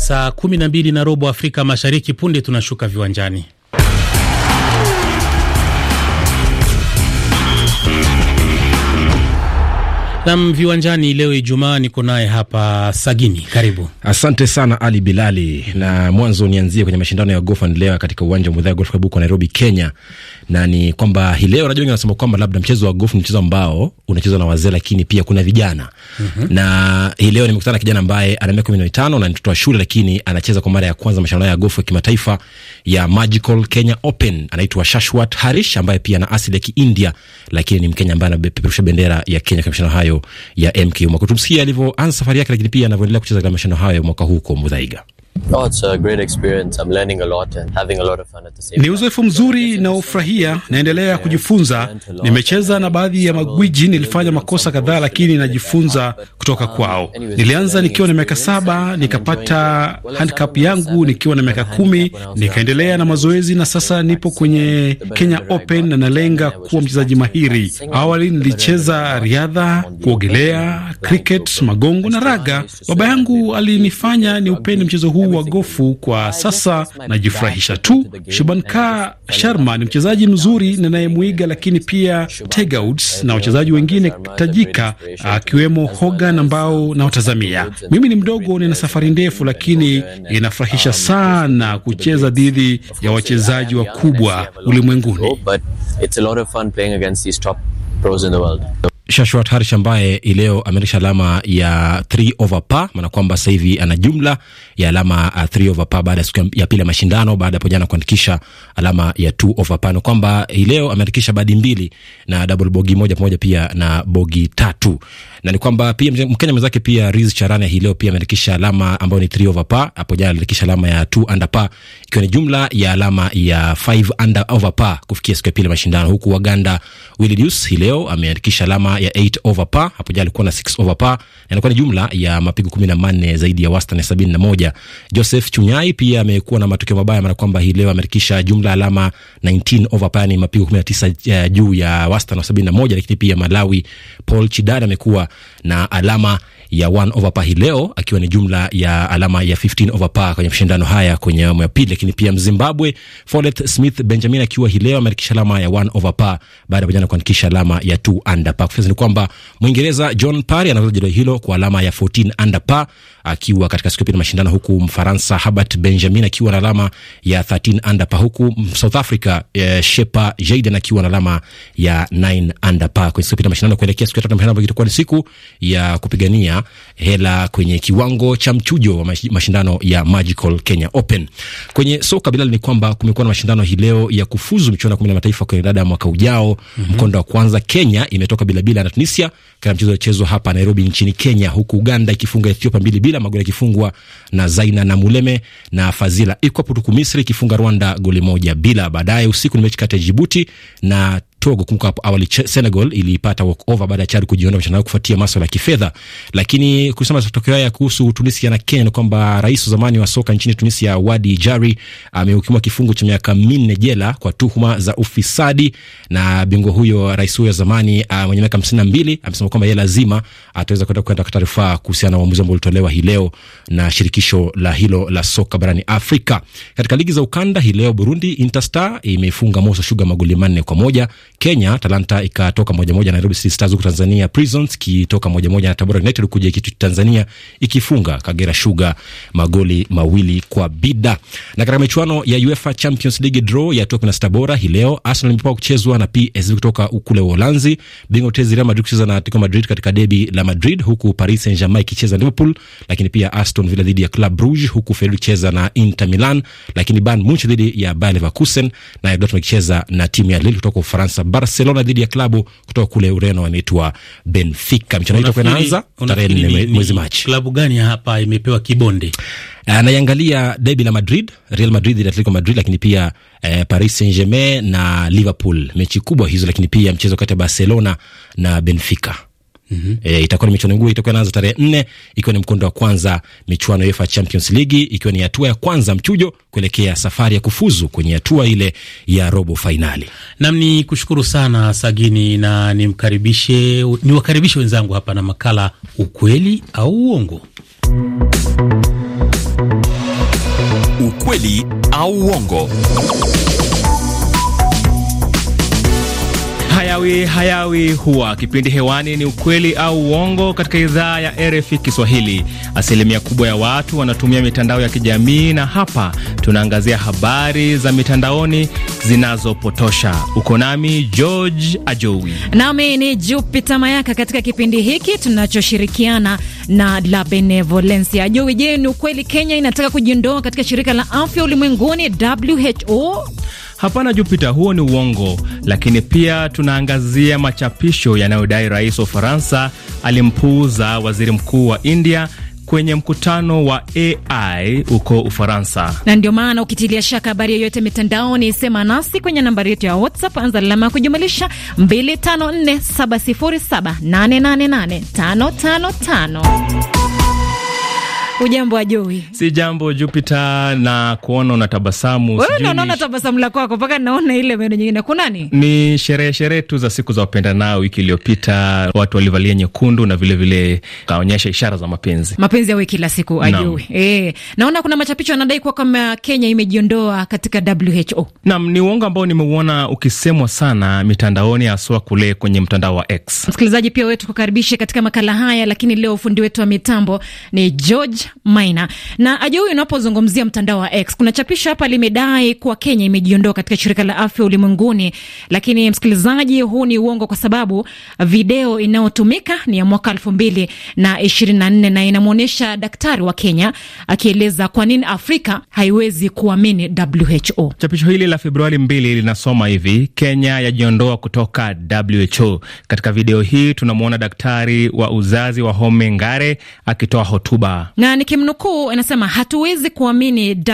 saa 12 na robo Afrika Mashariki. Punde tunashuka viwanjani. Nam viwanjani leo Ijumaa, niko naye hapa Sagini, karibu. Asante sana Ali Bilali, na mwanzo nianzie kwenye mashindano ya gofa leo katika uwanja wa Mudhaya Golf Club huko Nairobi, Kenya. Na ni kwamba hii leo najua wanasema kwamba labda mchezo wa gofu ni mchezo ambao unachezwa na wazee, lakini pia kuna vijana mm -hmm. na hii leo nimekutana na kijana ambaye ana miaka kumi na mitano na mtoto wa shule, lakini anacheza kwa mara ya kwanza mashindano ya gofu ya kimataifa ya Magical Kenya Open. Anaitwa Shashwat Harish ambaye pia ana asili ya Kiindia, lakini ni Mkenya ambaye anapeperusha bendera ya Kenya kwa mashindano hayo hayo ya MK Uma. Tumsikie alivyoanza safari yake, lakini pia anavyoendelea kucheza katika mashindano hayo mwaka huu huko Mudhaiga. Oh, ni uzoefu mzuri naofurahia, naendelea kujifunza. Nimecheza na baadhi ya magwiji, nilifanya makosa kadhaa, lakini najifunza kutoka um, kwao. Nilianza nikiwa na miaka saba, nikapata handicap yangu nikiwa na miaka kumi, nikaendelea na mazoezi na sasa nipo kwenye Kenya Open na nalenga kuwa mchezaji mahiri. Awali nilicheza riadha, kuogelea, cricket, magongo na raga. Baba yangu alinifanya ni upende mchezo huu wa gofu. Kwa sasa najifurahisha tu. Shubanka Sharma ni mchezaji mzuri ninayemwiga, lakini pia Tegauds na wachezaji wengine tajika akiwemo Hogan ambao naotazamia. Mimi ni mdogo, nina safari ndefu, lakini inafurahisha sana kucheza dhidi ya wachezaji wakubwa ulimwenguni. Shashwat Harish ambaye ileo amerisha alama ya 3 over par, maana kwamba sasa hivi ana jumla ya alama 3 uh, over par baada ya siku ya pili ya mashindano, baada ya jana kuandikisha alama ya 2 over par, na kwamba ileo ameandikisha badi mbili na double bogi moja pamoja pia na bogi tatu, na ni kwamba pia Mkenya mwenzake pia Riz Charania hii leo pia ameandikisha alama ambayo ni 3 over par. Hapo jana aliandikisha alama ya 2 under par, ikiwa ni jumla ya alama ya 5 under over par kufikia siku ya pili ya mashindano, huku Waganda Willidius hii leo ameandikisha alama ya 8 over par. Hapo jana alikuwa na 6 over par, inakuwa ni jumla ya mapigo 14 zaidi ya wastani 71. Joseph Chunyai pia amekuwa na matokeo mabaya, maana kwamba hii leo amerikisha jumla alama 19 over par, ni mapigo 19 eh, juu ya wastani 71, lakini pia Malawi Paul Chidada amekuwa na alama ya 1 over par hii leo akiwa ni jumla ya alama ya 15 over par kwenye mashindano haya kwenye awamu ya pili. Lakini pia Mzimbabwe Follett Smith Benjamin akiwa hii leo ameandikisha alama ya 1 over par baada ya jana kuandikisha alama ya 2 under par. Kufia ni kwamba Mwingereza John Parry anaongoza jedwali hilo kwa alama ya 14 under par akiwa katika siku ya pili mashindano, huku Mfaransa Herbert Benjamin akiwa na alama ya 13 under par, huku South Africa eh, Shepa Jayden akiwa na alama ya 9 under par kwenye siku ya pili mashindano kuelekea siku ya tatu mashindano ambayo itakuwa ni siku ya kupigania hela kwenye kiwango cha mchujo wa mashindano ya Magical Kenya Open. Kwenye soka bila ni kwamba kumekuwa na mashindano hii leo ya kufuzu michuano ya kombe la mataifa kwenye dada mwaka ujao. mm -hmm. Mkondo wa kwanza Kenya imetoka bila bila na Tunisia katika mchezo uliochezwa hapa Nairobi nchini Kenya, huku Uganda ikifunga Ethiopia mbili bila, magoli yakifungwa na Zaina na Muleme na Fazila Ikwap, huku Misri ikifunga Rwanda goli moja bila. Baadaye usiku ni mechi kati ya Jibuti na Togo. Kumbuka hapo awali Senegal ilipata walkover baada ya Chad kujiondoa mashindano kufuatia masuala ya kifedha. Lakini kusema matokeo haya kuhusu Tunisia na Kenya ni kwamba rais wa zamani wa soka nchini Tunisia Wadi Jari amehukumiwa kifungo cha miaka minne jela kwa tuhuma za ufisadi, na bingwa huyo, rais huyo wa zamani ah, mwenye miaka hamsini na mbili amesema kwamba yeye lazima ataweza kwenda kwenda kwa taarifa kuhusiana na uamuzi ambao ulitolewa hii leo na shirikisho la hilo la soka barani Afrika. Katika ligi za ukanda hii leo, Burundi Interstar imefunga Moso Shuga magoli manne kwa moja Kenya Talanta ikatoka moja moja na Nairobi City Stars, huku Tanzania Prisons ikitoka moja moja na Tabora United, kuja kitu Tanzania ikifunga Kagera Sugar magoli mawili kwa bida. Na katika michuano ya UEFA Champions League draw ya hatua na sita bora hii leo Arsenal imepangwa kuchezwa na PSV kutoka kule Uholanzi, bingwa tezi Real Madrid kucheza na Atletico Madrid katika debi la Madrid, huku Paris Saint Germain ikicheza Liverpool, lakini pia Aston Villa dhidi ya Club Brugge, huku Feyenoord ikicheza na Inter Milan, lakini Bayern Munich dhidi ya Bayer Leverkusen, na Dortmund ikicheza na timu ya Lille kutoka Ufaransa. Barcelona dhidi ya klabu kutoka kule Ureno anaitwa Benfica. Mchezo utakuwa unaanza tarehe nne mwezi Machi. Klabu gani hapa imepewa kibonde? Anaiangalia eh, debi la Madrid, Real Madrid dhidi ya Atletico Madrid, lakini pia eh, Paris Saint Germain na Liverpool, mechi kubwa hizo, lakini pia mchezo kati ya Barcelona na Benfica. Mm -hmm. E, itakuwa ni michuano miguu itakuwa inaanza tarehe nne ikiwa ni mkondo wa kwanza michuano ya UEFA Champions League ikiwa ni hatua ya kwanza mchujo kuelekea safari ya kufuzu kwenye hatua ile ya robo fainali. Nam ni kushukuru sana Sagini na nimkaribishe niwakaribishe wenzangu hapa na makala ukweli au uongo. Ukweli au uongo Hayawi hayawi huwa kipindi hewani ni ukweli au uongo katika idhaa ya RFI Kiswahili. Asilimia kubwa ya watu wanatumia mitandao ya kijamii, na hapa tunaangazia habari za mitandaoni zinazopotosha. Uko nami George Ajowi, nami ni jupita Mayaka katika kipindi hiki tunachoshirikiana na La Benevolencia. Ajowi, je, ni ukweli Kenya inataka kujiondoa katika shirika la afya ulimwenguni WHO? Hapana Jupita, huo ni uongo. Lakini pia tunaangazia machapisho yanayodai rais wa Ufaransa alimpuuza waziri mkuu wa India kwenye mkutano wa AI huko Ufaransa. Na ndio maana ukitilia shaka habari yoyote mitandaoni, sema nasi kwenye nambari yetu ya WhatsApp, anza alama ya kujumulisha 254707888555 Ujambo wa Joey. Si jambo Jupiter, na kuona tabasamu. Wewe ndio unaona tabasamu la kwako mpaka naona ile meno nyingine. Kuna nani? Ni sherehe sherehe tu za siku za wapendanao. Wiki iliyopita watu walivalia nyekundu na vile vile kaonyesha ishara za mapenzi. Mapenzi ya wiki kila siku ajui. Eh, naona kuna machapisho yanadai kuwa kama Kenya imejiondoa katika WHO. Naam, ni uongo ambao nimeuona ukisemwa sana mitandaoni haswa kule kwenye mtandao wa X. Msikilizaji pia wetu kukaribishe katika makala haya, lakini leo fundi wetu wa mitambo ni George Maina. Na aje unapozungumzia mtandao wa X, kuna chapisho hapa limedai kuwa Kenya imejiondoa katika shirika la afya ulimwenguni, lakini msikilizaji, huu ni uongo kwa sababu video inayotumika ni ya mwaka elfu mbili na ishirini na nne na inamwonyesha daktari wa Kenya akieleza kwa nini Afrika haiwezi kuamini WHO. Chapisho hili la Februari mbili linasoma hivi: Kenya yajiondoa kutoka WHO. Katika video hii tunamwona daktari wa uzazi wa Home Ngare akitoa hotuba na nikimnukuu, inasema hatuwezi kuamini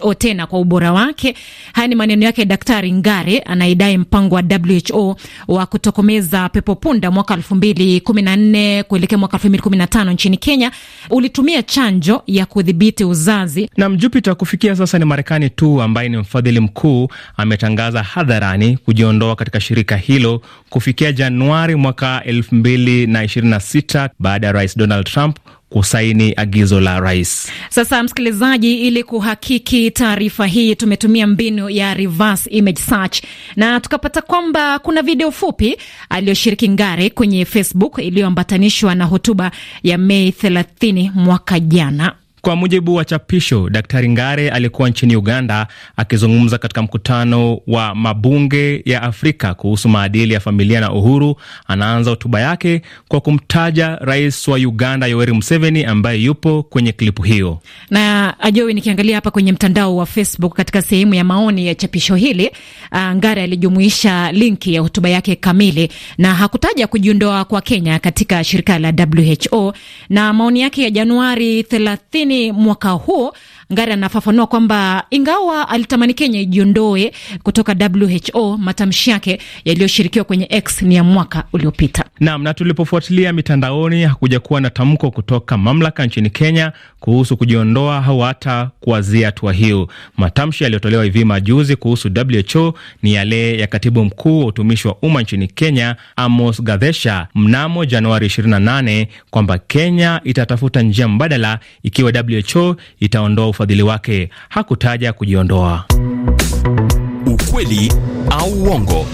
WHO tena kwa ubora wake. Haya ni maneno yake Daktari Ngare anayedai mpango wa WHO wa kutokomeza pepo punda mwaka elfu mbili kumi na nne kuelekea mwaka elfu mbili kumi na tano nchini Kenya ulitumia chanjo ya kudhibiti uzazi. Na mjupita kufikia sasa ni Marekani tu ambaye ni mfadhili mkuu ametangaza hadharani kujiondoa katika shirika hilo kufikia Januari mwaka elfu mbili na ishirini na sita baada ya Rais Donald Trump kusaini agizo la rais. Sasa msikilizaji, ili kuhakiki taarifa hii tumetumia mbinu ya reverse image search na tukapata kwamba kuna video fupi aliyoshiriki Ngare kwenye Facebook iliyoambatanishwa na hotuba ya Mei 30 mwaka jana. Kwa mujibu wa chapisho, Daktari Ngare alikuwa nchini Uganda akizungumza katika mkutano wa mabunge ya Afrika kuhusu maadili ya familia na uhuru. Anaanza hotuba yake kwa kumtaja rais wa Uganda Yoweri Museveni ambaye yupo kwenye klipu hiyo. Na ajoi, nikiangalia hapa kwenye mtandao wa Facebook katika sehemu ya maoni ya chapisho hili, uh, Ngare alijumuisha linki ya hotuba yake kamili na hakutaja kujiundoa kwa Kenya katika shirika la WHO na maoni yake ya Januari 30 mwaka huu Ngari anafafanua kwamba ingawa alitamani Kenya ijiondoe kutoka WHO, matamshi yake yaliyoshirikiwa kwenye X ni ya mwaka uliopita. Naam, na tulipofuatilia mitandaoni hakuja kuwa na tamko kutoka mamlaka nchini Kenya kuhusu kujiondoa au hata kuazia hatua hiyo. Matamshi yaliyotolewa hivi majuzi kuhusu WHO ni yale ya katibu mkuu wa utumishi wa umma nchini Kenya Amos Gadhesha mnamo Januari 28 kwamba Kenya itatafuta njia mbadala ikiwa WHO itaondoa ufadhili wake hakutaja kujiondoa. Ukweli au uongo.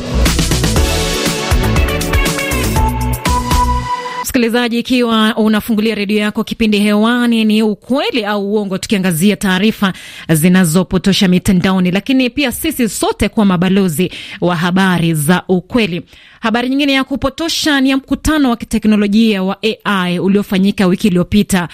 Msikilizaji, ikiwa unafungulia redio yako, kipindi hewani ni ukweli au uongo, tukiangazia taarifa zinazopotosha mitandaoni, lakini pia sisi sote kuwa mabalozi wa habari za ukweli. Habari nyingine ya kupotosha ni ya mkutano wa kiteknolojia wa AI uliofanyika wiki iliyopita.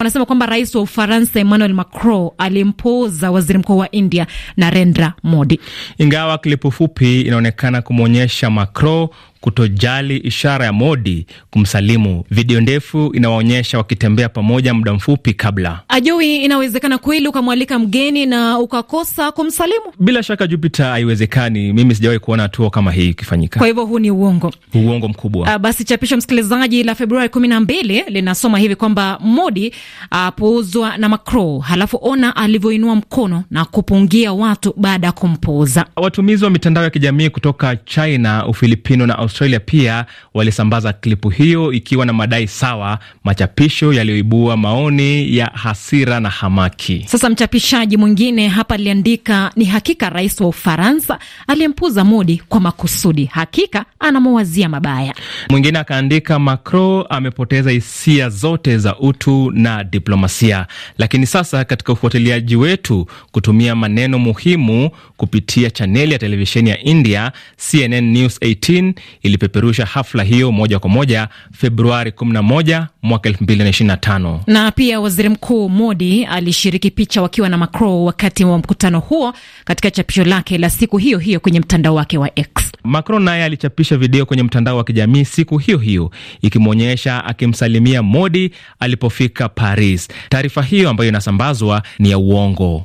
anasema kwamba rais wa Ufaransa Emmanuel Macron alimpuuza waziri mkuu wa India Narendra Modi, ingawa klipu fupi inaonekana kumwonyesha Macron kutojali ishara ya modi kumsalimu. Video ndefu inawaonyesha wakitembea pamoja muda mfupi kabla. Ajui, inawezekana kweli ukamwalika mgeni na ukakosa kumsalimu? Bila shaka Jupiter, haiwezekani. Mimi sijawahi kuona hatua kama hii ikifanyika, kwa hivyo huu ni uongo, uongo mkubwa. A, ah, basi chapisho msikilizaji la Februari kumi na mbili linasoma hivi kwamba Modi apuuzwa na Macron, halafu ona alivyoinua mkono na kupungia watu baada ya kumpuuza. Watumizi wa mitandao ya kijamii kutoka China, Ufilipino na Australia Australia pia walisambaza klipu hiyo ikiwa na madai sawa, machapisho yaliyoibua maoni ya hasira na hamaki. Sasa mchapishaji mwingine hapa aliandika, ni hakika rais wa Ufaransa aliyempuza Modi kwa makusudi, hakika anamuwazia mabaya. Mwingine akaandika, Macron amepoteza hisia zote za utu na diplomasia, lakini sasa katika ufuatiliaji wetu kutumia maneno muhimu kupitia chaneli ya televisheni ya India CNN News 18 ilipeperusha hafla hiyo moja kwa moja Februari 11 mwaka 2025. Na pia waziri mkuu Modi alishiriki picha wakiwa na Macron wakati wa mkutano huo katika chapisho lake la siku hiyo hiyo kwenye mtandao wake wa X. Macron naye alichapisha video kwenye mtandao wa kijamii siku hiyo hiyo ikimwonyesha akimsalimia Modi alipofika Paris. Taarifa hiyo ambayo inasambazwa ni ya uongo.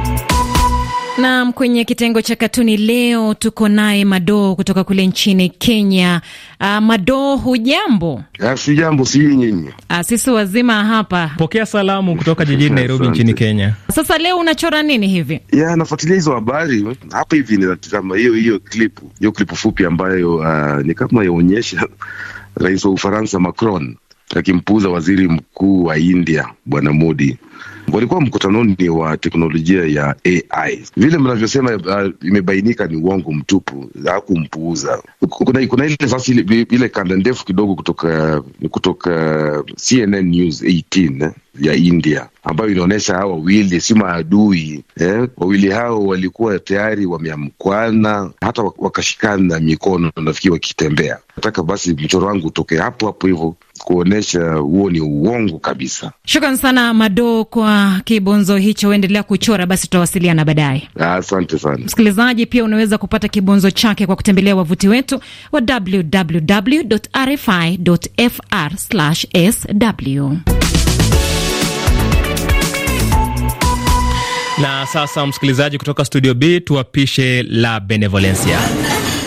Naam, kwenye kitengo cha katuni leo tuko naye Madoo kutoka kule nchini Kenya. Uh, Madoo, hujambo? Si jambo, si nyinyi? Ah, sisi wazima hapa. Pokea salamu kutoka jijini Nairobi nchini Kenya. Sasa leo unachora nini hivi? Ya, nafuatilia hizo habari hapa hivi, ninatazama hiyo hiyo klipu, hiyo klipu fupi ambayo uh, ni kama yaonyesha rais wa Ufaransa Macron akimpuuza waziri mkuu wa India Bwana Modi. Walikuwa mkutanoni wa teknolojia ya AI. Vile mnavyosema uh, imebainika ni uongo mtupu, hakumpuuza. Kuna, kuna ile sasa ile, ile kanda ndefu kidogo kutoka kutoka CNN News 18 eh, ya India ambayo inaonyesha hawa wawili si maadui eh. Wawili hao walikuwa tayari wameamkwana, hata wakashikana mikono, nafikiri wakitembea. Nataka basi mchoro wangu utoke hapo hapo hivyo kuonyesha huo ni uongo kabisa. Shukran sana Mado kwa kibonzo hicho, uendelea kuchora basi, tutawasiliana baadaye. Asante sana msikilizaji. Pia unaweza kupata kibonzo chake kwa kutembelea wavuti wetu wa www.rfi.fr/sw. Na sasa msikilizaji, kutoka studio B tuwapishe la Benevolencia.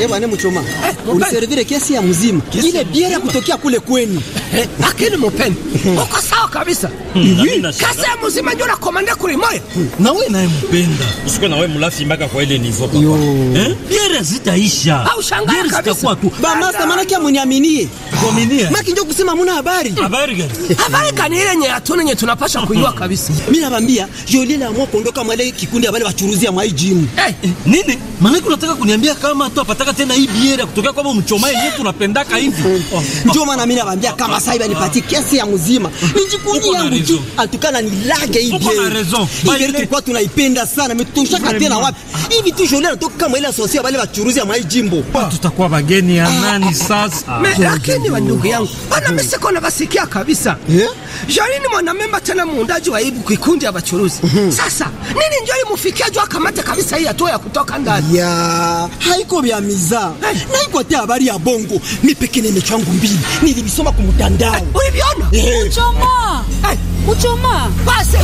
Eh bwana mchoma. Uniservire kesi ya mzima. Ile biera kutokea kule kweni. Eh, Lakini mpeni. Eh. Uko sawa kabisa. Hmm, hmm. Kesi ya mzima ndio na komanda kule moyo. Hmm. Na wewe naye mpenda. Usiko na wewe mlafi mpaka kwa ile nivo papa. Eh? Biera zitaisha. Au shangaa kabisa. zitakuwa tu. Ba master maana kia mniaminie. Kuaminia. Maki ndio kusema hamuna habari. Habari gani? Habari gani ile nyenye atone nyenye tunapasha kujua kabisa. Mimi nakwambia, Jolie la mwa kuondoka mwele kikundi ya wale wachuruzia mwa hii gym. Eh. eh, nini? Maana unataka kuniambia kama tu apata tunataka tena hii biera kutokea kwamba mchoma yenyewe tunapendaka hivi. Ndio maana mimi nawaambia kama sasa hivi anipatie kiasi ya mzima. Nijikundi yangu tu. Atukana ni lage hii biere. Kuna reason. Biera tulikuwa tunaipenda sana. Mtushaka tena wapi? Hivi tu jole natoka kama ile sosia asosia wa churuzi ya mai jimbo. Tutakuwa wageni ya ah, nani ah, ah. sasa? Lakini wa ndugu yangu, bana misiko na basikia kabisa. Eh? mwana memba tena muundaji wa ibu kikundi ya wachuruzi. Mhm. Sasa nini njoli imufikia jua kamata kabisa hii hatua ya kutoka ndani. Ya haiko vya na naiko te habari ya bongo. Mi peke nene changu mbili nilivisoma kumtandao. Uliviona? Eh. Uchoma. Uchoma. Basi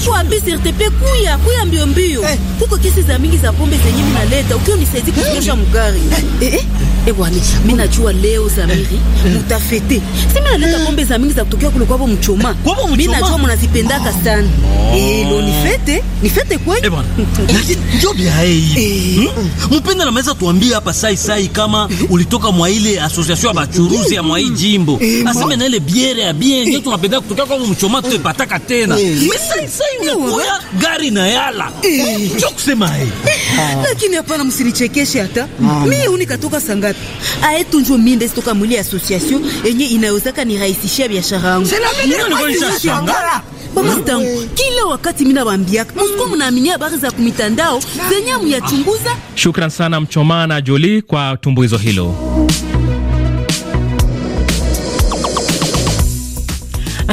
ukuambie sirtepe kuya kuya mbio mbio. Eh. Kuko kesi za mingi za pombe zenye mnaleta ukiwa nisaidi kunyosha mgari. Eh? eh. Ebwani, eh, mimi najua leo Zamiri eh. mutafete. Si mimi naleta eh. pombe za mingi za kutokea kule kwao mchoma. Mimi najua mnazipendaka sana. Eh, lo ni fete, ni fete kweli? Eh bwana. Yaani, njoo bia hii. Hmm? Mpenda na maweza tuambie hapa sai sai kama ulitoka mwa ile association ya bachuruzi ya mwa hii jimbo. Aseme na ile biere ya bien ndio tunapenda kutokea kwao mchoma tutapataka tena. Mimi sai sai unakuya gari na yala. Njoo kusema hii. Lakini hapana msinichekeshe hata. Ah. Mimi unikatoka sangati tunjo minde stoka mwili association yenye inayozaka nirahisishia biashara yangu bamastangu kila wakati mina wambiaka musikuwa munaaminia habari za kumitandao zenye muyachunguza. Shukran sana Mchomana Joli kwa tumbuizo hilo.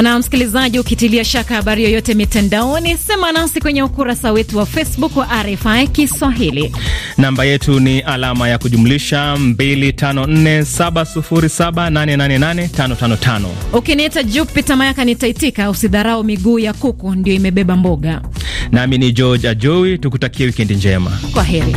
Na msikilizaji, ukitilia shaka habari yoyote mitandaoni, sema nasi kwenye ukurasa wetu wa Facebook wa RFI Kiswahili. Namba yetu ni alama ya kujumlisha 254707888555. Ukiniita Jupita Mayaka nitaitika. Usidharau miguu ya kuku, ndio imebeba mboga. Nami ni George Ajoi, tukutakie wikendi njema. Kwa heri.